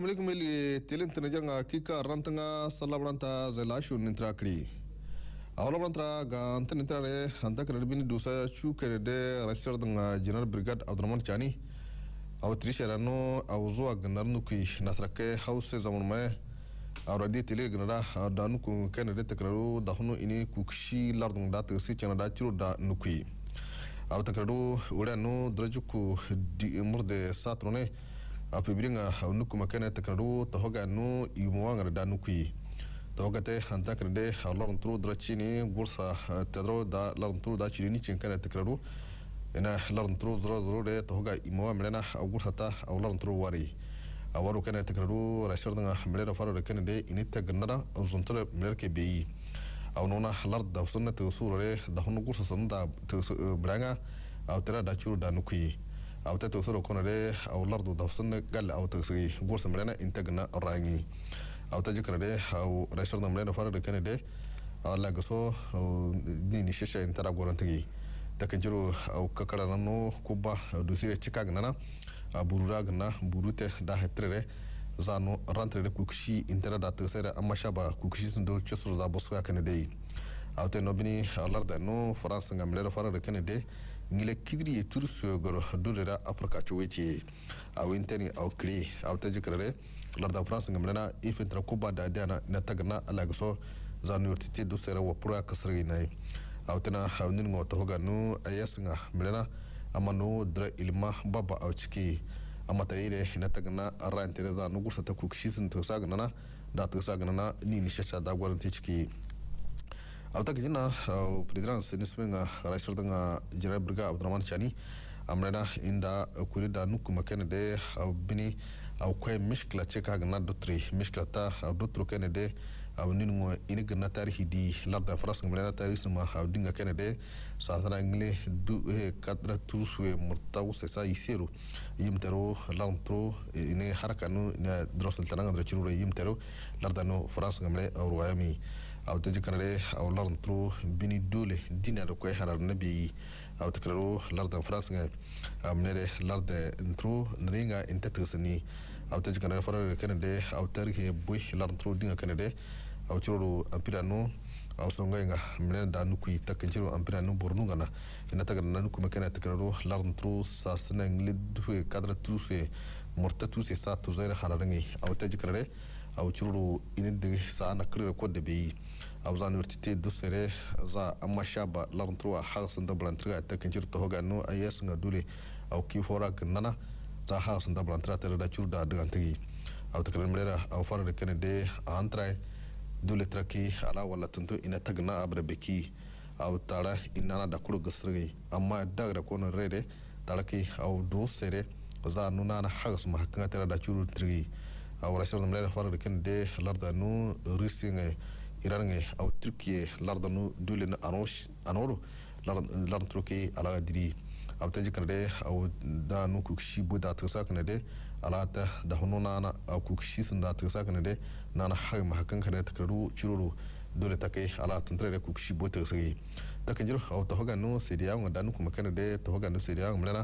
لومړی کومې لې تلن تنجنګ حقیقت رنتنګ سلابړنتا زلاشو ننترا کړی ಅವಲಂತರ ಗಾಂತ ನಿಂತಾರೆ ಅಂತ ಕರಡಿಬಿನಿ ಡೂಸ ಚೂ ಕರೆಡೆ ರಸ್ಯರ್ದಂಗ ಜನರಲ್ ಬ್ರಿಗೇಡ್ ಅಬ್ದುರಮನ್ ಚಾನಿ او تریشرانو او زو اګندرنو کې ناترکه هاوسه زمونمه او ردی تلی ګنرا دانو کو کنه د تکرارو دهنو اني کوکشي لردون د تګسي چنه دا چرو دا نو کوي او تکرارو وړانو درجو کو د مرده ساترونه apibiringa nukumakene teknaru tohoga nu imuwangara da nukui togate hantakrede larnturu drachini bursa tedro da larnturu da chirini chinkane tekraru ena larnturu dro dro re toga imowa melena agur hata aw larnturu wari awaru kana tekraru rashardanga melera faru rekene de inite gannara uzuntura melerke beyi awnona lard da sunna te usure eh, da hunu gursa sunna da branga aw tera da churu da nukui او tatu soro konare au lardu dafsanna gal au tagsigi gursa mrena intagna rangi au tajikrade au rashar namrena farade kanade au lagaso ni ni shisha intara gorantigi takanjiru au kakarananu kubba dusire chikagnana bururagna burute da hetrere zano rantrere kukshi intara da tagsere amashaba kukshi sindo chusur da boska kanade au te nobini larda no france ngamlera farade kanade ngila kidri ye tur sogoro durera afrika choweti awintani awkri awtajikrare larda france ngamlena ifintana kuba daadiana ina tagna alagaso zanurtite dusera wapura kasraginai awtana awningo tohoganu ayasinga mlena amanu dra ilma baba awchiki amataire ina tagna arantene zanugursata kukshisin tagsagnana da tagsagnana nini shasha dagwarantechiki Autak jena eh, pridran sinis menga raisar tanga jira berga abdraman chani amrena ah, inda eh, kuri da nuku makene eh, de bini au kwe mishkla cheka gna dutri mishkla ta dutru kene de abu ninu ngo ini gna tarihi di larda fras ngamrena tarihi suma au dinga kene de sasana ngle du kadra turuswe murtawu sesa isiru yimtero lantro ini harakanu na drosel tananga drachirure yimtero larda no fras ngamre au ruayami awtaju kanare aw larn tro bini dole dina da koy harar na beyi aw takraro larda france nga amnere larda intro nringa intatsini awtaju kanare farar kanade aw tarike boy larn tro dinga kanade aw chiro ampirano aw songa nga mne da nu kui tak jiro ampira nu bornu gana ina tagar na nu kuma kana takraro larn tro sasna nglid kadra tuse morta tuse sa tu zaira hararangi aw tajikrare autiruru iniddig sa'ana kirira kodda beyi abza université dusere za amma shaba larntuwa hagasin da blantira ta kincir ta hoga no ayes nga dule au ki fora nana za hagasin da blantira ta da cur da daga tigi au ta kalmira au fara da kene de antra dule traki ala wala tuntu ina tagna abra beki au tara inana da kuru gasirgi amma dagra kono rere taraki au dusere za nunana hagasin mahakanga ta da cur trigi ಅವರಶರದಮಲೇರಫಾರಡಕಂಡೆ ಲಾರ್ದನು ರಿಸಿಂಗ ಇರಾನಗೆ ಅವ Turkiye ಲಾರ್ದನು ಡುಲಿನ ಅನೋಶ್ ಅನೋರು ಲಾರ್ದ ತುರ್ಕಿ ಅಲಾಗ ದಿರಿ abtaji kanade aw da nu kukshi bu da tsa kanade alata da hono nana aw kukshi sun da tsa kanade nana har mahakan kanade takaru chiruru dole takai ala tantare kukshi bu tsa yi takajir aw to hoga no sediya ngada nu kuma kanade to hoga no sediya ngmlana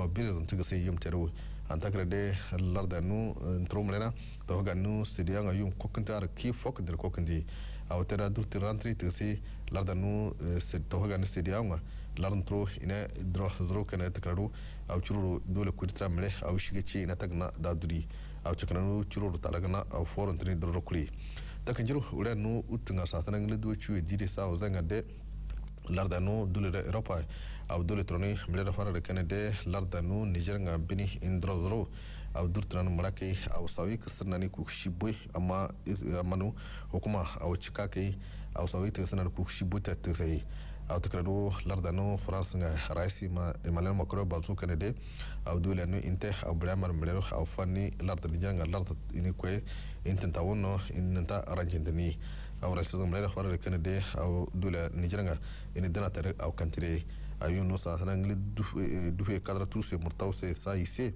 aw bire don tsa sai yum tero antakirade larda nu eh, ntromlena tohoga nu sidianga yum kokkinte ar ki fokkindire kokkindi awtera durti rantri tigsi larda nu eh, tohoga nu sidianga larda ntro ina dro dro kana takradu aw chururu dole kuritra mle aw shigechi ina tagna daduri aw chaknanu chururu talagna aw forontini dro kuli takanjiru ura nu utunga satanangle duwe chuwe jiri sa ozanga de larda nu dole europa අවදුල තරණි මිලර ෆරර කනඩේ ලර්දනු නිජරංග බිනි ඉන්ද්‍රොදරෝ අවදුර තරණ මඩකේ අවසාවි කසනනි කුක්ෂිබුයි අමා මනු හුකුමා අවචකාකේ අවසාවි තසනන කුක්ෂිබු තත්සයි او تكرروا لردانو فرانس رئيس ايمانويل ماكرو بازو كندي او دول انه انت او برامر مليرو او فني لرد نيجان لرد اني كوي انت تاونو ان انت رانجندني او رئيس مليرو فرانس كندي او دول نيجان ان دنا او كنتري a wi noon so tan englis duufi e cadre tour se mourtaw se sayc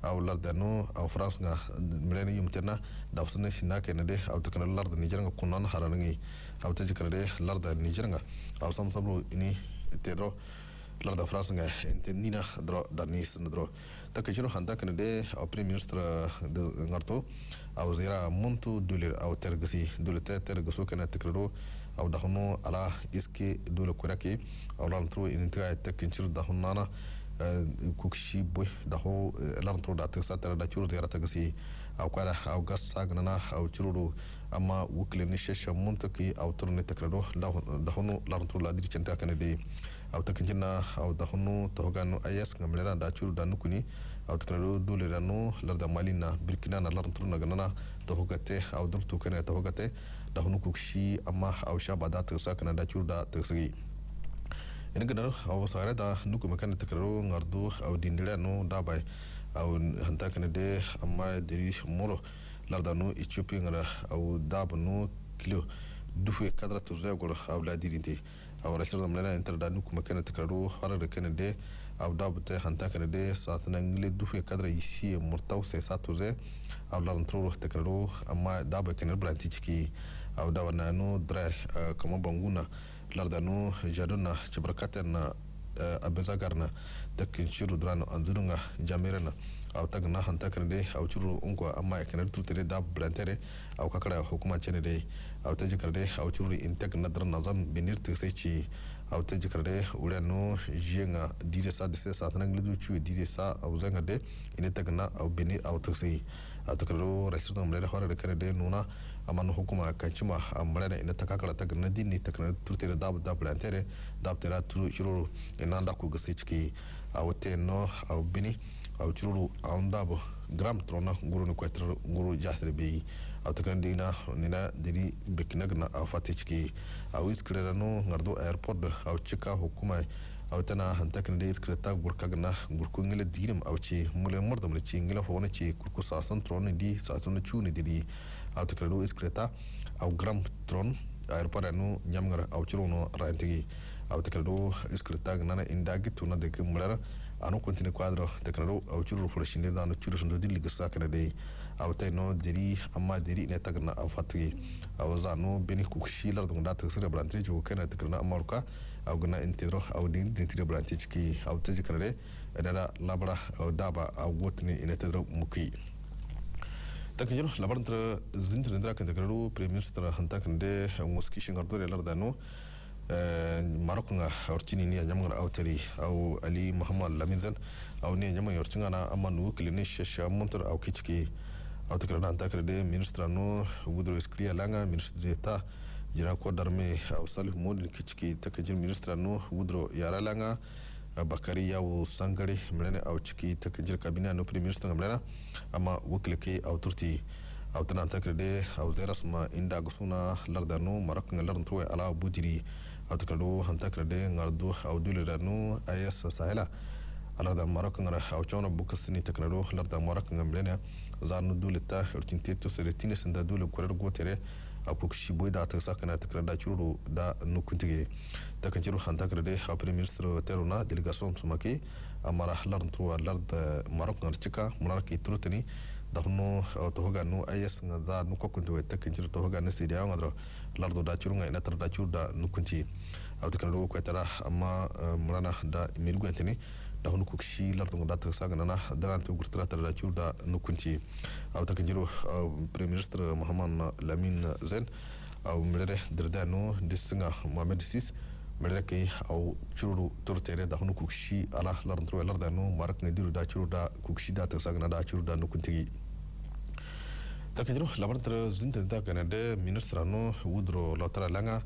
aw lardeno aw france nga mirene yumtirna dawsene sinake ne de aw tekene larde nijer nga kun noon haranangi aw teji kene de larde nijer nga aw sam samlo ini te dro larde france nga ente nina dro danis ne dro ta ke jiro handa kene de aw premier ministre de ngarto aw zira montu dulir aw tergasi dulite tergaso kene tekero ಅವಡಹನು ಅಲಾ ಇಸ್ಕೆ ದೂಲ ಕುರಕೆ ಅವಳನ್ ತ್ರು ಇನಿಂತಿಗ ತಕ್ಕಿಂಚಿರು ದಹುನ್ನಾನ ಕುಕ್ಷಿ ಬೊಯ್ ದಹೋ ಎಲ್ಲಾರ ತ್ರು ಡಾತಿಗ ಸಾತರ ಡಾ ಚೂರು ದೇರ ತಗಸಿ ಅವಕಾರ ಅವಗಸ್ ಸಾಗನನ ಅವ ಚುರುಡು ಅಮ್ಮ ಉಕ್ಲೆ ನಿಶೇಷ ಮುಂತಕಿ ಅವತರನೆ ತಕ್ರಡು ದಹನು ಲಾರ ತ್ರು ಲಾದಿರಿ ಚಂತಾಕನೆ ದಿ ಅವತಕ್ಕಿಂಚಿನ ಅವ ದಹನು ತೋಗಾನು ಐಎಸ್ ಗಮಳೆರ ಡಾ ಚೂರು ಡಾನು ಕುನಿ ಕಳೆದು ರನ್ನು ಲರ್ದ ಮಾಲಿನ ಬಿರ್ಕಿನ ನಲ್ಲರ್ ತುರುನ ಗಣನ ತಹುಗತೆ ಅವ್ದುರ್ ತುಕನೆ ತಹುಗತೆ ಡಹನು ಕುಕ್ಷಿ ಅಮ್ಮ ಅವಶ ಬಾದ ತಗಸ ಕನ್ನಡ ಚೂರ್ದ ತಗಸಗಿ ಎನಗನರು ಅವ ಸಾರೆ ದ ನುಕು ಮಕನ ತಕರು ngardu ಅವ ದಿಂದಿಡನು ಡಾಬೈ ಅವ ಹಂತ ಕನಡೆ ಅಮ್ಮ ದಿರಿ ಮೊರೋ lardanu ichupi ngara ಅವ ಡಾಬನು kilo dufe kadra tuzay gol awla dirinti awra sirda mlena inter e danu kuma kana takaru harar kana de avdabıtı hantakarede satın engeli dufe kadar işi murtav se satuze avların turu tekraro ama dabı kenar branti çiki avdavana no dre kama banguna lardano jaruna çabrakatena abezagarna tekin şiru durano andurunga jamerena او تک نه هنتا کنه دی او چرو اونکو اما کنه تر تر دا بلنتره او ککړه حکومت چنه دی او ته جکړې او چوري انتک نظر نظم بنیر تګسې چې او ته جکړې وړنو ژینګه د دې سات د سات ساتنګ لدو چې د دې سا او څنګه دې ان تک نه او بنی او تګسې او تکرو رئیس ته ملي خبره کړې دې نو نه امن حکومت کچ ما مړه نه تکا کړه تک نه دي نه تک نه تر تیر دا دا پلان تیر دا تیر تر شروع ان دا کو غسې چې او ته نو او بنی او چورو اوندا بو gram trona nguru ni kwetra nguru jasre be aw takan dina nina diri biknagna aw fatichki aw iskrerano ngardo airport aw chika hukuma aw tana hantakne de iskreta gurkagna gurku ngile dirim aw chi mule murdam chi ngile hone chi kurku sasan trona di satun chuni diri aw takrelo iskreta aw gram tron airport anu nyamngar aw chirono rantigi teknolog escritagana indagituna deke mulera anu kontine quadro teknolog au churu furashine da anu churu sundo dili gesa kana dei au te no diri amma diri ne tagna au fatri au za no beni kukshilar dungda tsira brantre ju kana teknolog amurka au gana intero au din tira brantre ki au te jikare dara labra au daba au gotni ine tedro muki takajiro e labarntra zindra ndra kan teknolog prime minister hantakande ngoski shingar dore lardano Eh, maroknga ortini ni nyamngra auteri au ali muhammad lamizan au ni nyamngra ortingana amanu klini shesha montor au kichki au tikrana antakrede ministra no gudro iskria langa ministra ta jira ko darme au salih mod kichki takajir ministra no gudro yara langa eh, bakari yawu sangare mlene au chiki takajir kabina no prime minister mlena ama wukilke au turti au tanantakrede au zerasma inda gusuna lardano maroknga lardantruwe ala bujiri ಅದಕ್ಕಳು ಹಂತಕ್ರಡೆ ngardú ಅವಧುಲಿರನು I S ಸಾಯಲ ಅಲರ್ದ ಮರಕಂಗರ ಅವಚೋನ ಬುಕ್ಕಸ್ತಿನಿ ತಕ್ನರು ಅಲರ್ದ ಮರಕಂಗ ಮಿಳೆನೆ zarnu dule ta urtin teto sere tine senda dule kurar gotere apukshi boy da ta sakana ta krada churu da nukuntige ta kan churu hanta krade a prime minister teruna delegation sumake amara halar tru alar da marok ngarchika monarki trutini dagnu tohoganu ayas ngada nukokunti wete kinchiru tohogani siriya ngadro lardo dachuru nga inatar dachuru da nukunti awtikan lugu kwetara ama murana da mirgwentini dagnu kukshi lardo ngada taksanga nana daranti ugurtara tar dachuru da nukunti awtikan jiru Prime Minister Muhammad Lamin Zain aw mirere dirdanu disinga Mohamed Sis mirere kai aw churu turtere dagnu kukshi ala lardo lardanu marak ngadiru da churu da kukshi da taksanga da churu da nukuntigi Takindiro, labarantara zintanta kanade ministrano udro lautara langa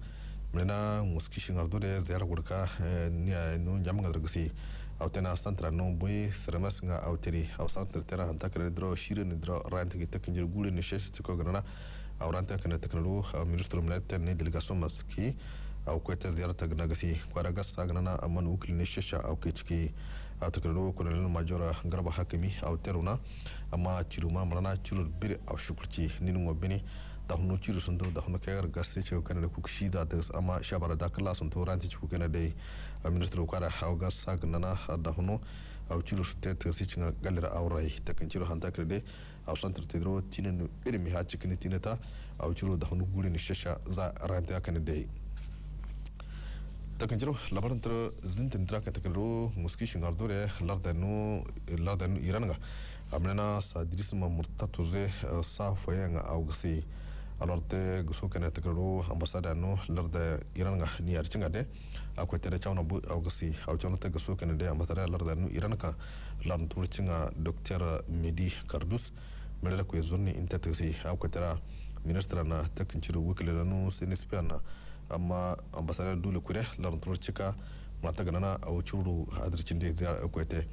mrena nguski shingardure zayar gurka eh, nu nyamangadra gasi autena santara no bui saramas nga auteri au santara tera hanta kanadro shirin idro rayanta gita kinjir gule nishesh tiko ganana auranta kana takinalu ministro mlete ne delegacion maski au kwete zayar tagna gasi kwaragas sagnana amanu ukli nishesha au kechki ತಕರಡು ಕೊನೆಯನ್ನು ಮಾಜೋರ ಗರಬ ಹಾಕಮಿ ಅವತೆರುನ ಅಮ್ಮ ಚಿರುಮ ಮರಣ ಚಿರು ಬಿರಿ ಅವಶುಕುರ್ಚಿ ನಿನು ಒಬ್ಬನಿ dahunu chiru sundu dahunu kagar gasti cheu kanade kukshi da des ama shabara da kala sun thoran ti chu kanade ministru kara hawga sag nana dahunu aw chiru ste te si chinga galera awrai ta kan chiru handa krede aw santir tidro tinen beri mi ha chikini tineta aw chiru dahunu guli ni shesha za ranta kanade takınjiro labaran tara zin tindra ka takinro muski shingardo re lardanu lardanu iranga amnena sadris ma murta tuze sa foya nga awgsi alarte guso kana takinro ambasada no larda iranga ni archinga de akwa tere chawna bu awgsi awchawna ta guso kana de ambasada lardanu iranga lam turchinga dr medi kardus melala ko zonni inta tagsi akwa tara ministra na takinjiro wikileranu sinispe na amma ambasadar dole kude larin turcika mata ganana a a adircin da zai akwete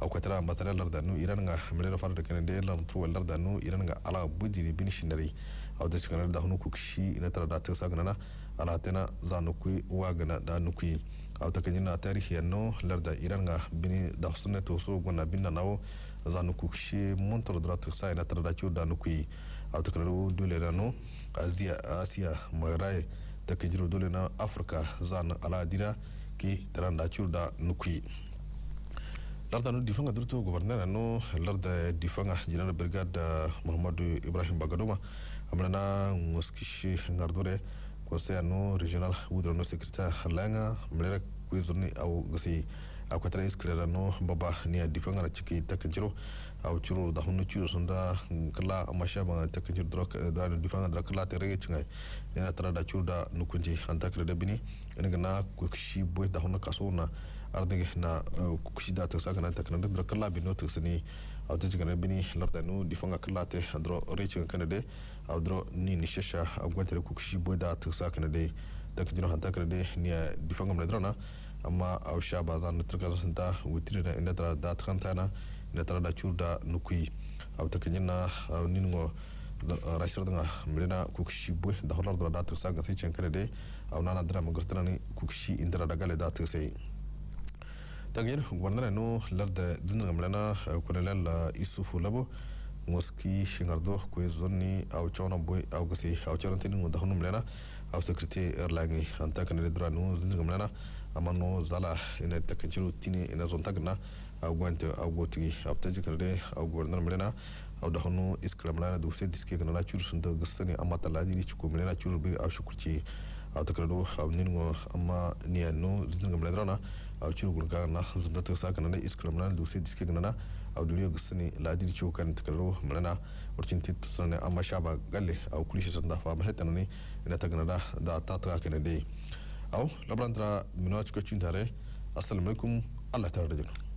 akwetara ambasadar lardanu iran ga miliyar fara da kanin da ya larin turwar lardanu iran ga ala ne bin shinari a wajen cikin da hannu shi na tara da ta sa ganana a tana za nukui wa gana da nukwi a wata kanyi na tarihi yanno larda iran ga bin da sunan toso gwana bin na nawo za nukukshi montar da ta sa ina tara da kyau da nukui a wata kanar dole rano asiya asiya mai raye takijirudolena afrika zan ala dira ki taranda curda nukui larda nu difanga durtu gubernera nu larda difanga jenera brigade muhammadu ibrahim bagadoma amrana ngoskishi ngardure kose anu regional wudrono secretary langa mlera kwizurni au gasi a kwatara iskira no baba ne a difan a ciki takan a ciro da hunnu ciwo sun da kala masha ban takajir ciro difan a kala ta rage cin yana tara da ciro da nukunje an takar da bini ina gana kushi boye da hunnu kaso na ardege na eh, kushi da sa kana takana da kala bino taksani a wata cikin rabini larta nu difan ara kala ta andro rage kana da a ni ni nishasha a gwantar kushi boy da ta kana da takan ciro han takira da ni a difan ara amma avşa bazarını tırkalasında witrina inda tara da tkantana inda tara da churda nukui avtakanyana ningo rashradanga mrena kukshi bwe da holar dra da tsa ga sai chankare de avnana dra magartana ni kukshi indra da gale da tsai tagir gwarnana no lard dinga mrena kunalal isufu labo ngoski shingardo kwe zonni au chona bwe au gasi au chona tinin ngodahunu mrena au sekrete erlangi anta kanere dra no dinga mrena amano zala ina takanchiru tini ina zontagna au guante au gotugi aptaji kalde au guvernor mrena au dahonu iskramlana duse diske kana churu sunda gustani amata ladi ni chuku mrena churu bi au shukurchi au takrado au ningo amma niano zindanga mledrana au churu gurga na zunda tsa kana ne iskramlana duse diske kana au duliyo gustani ladi ni chuku kana takrado mrena urchin tit tsana amma shaba galle au kulishi sanda fa mahetana ne ina tagnada da tataka kana dei او labaran tara minwaachko chintaare asalaamu calaykum allah tara dhadino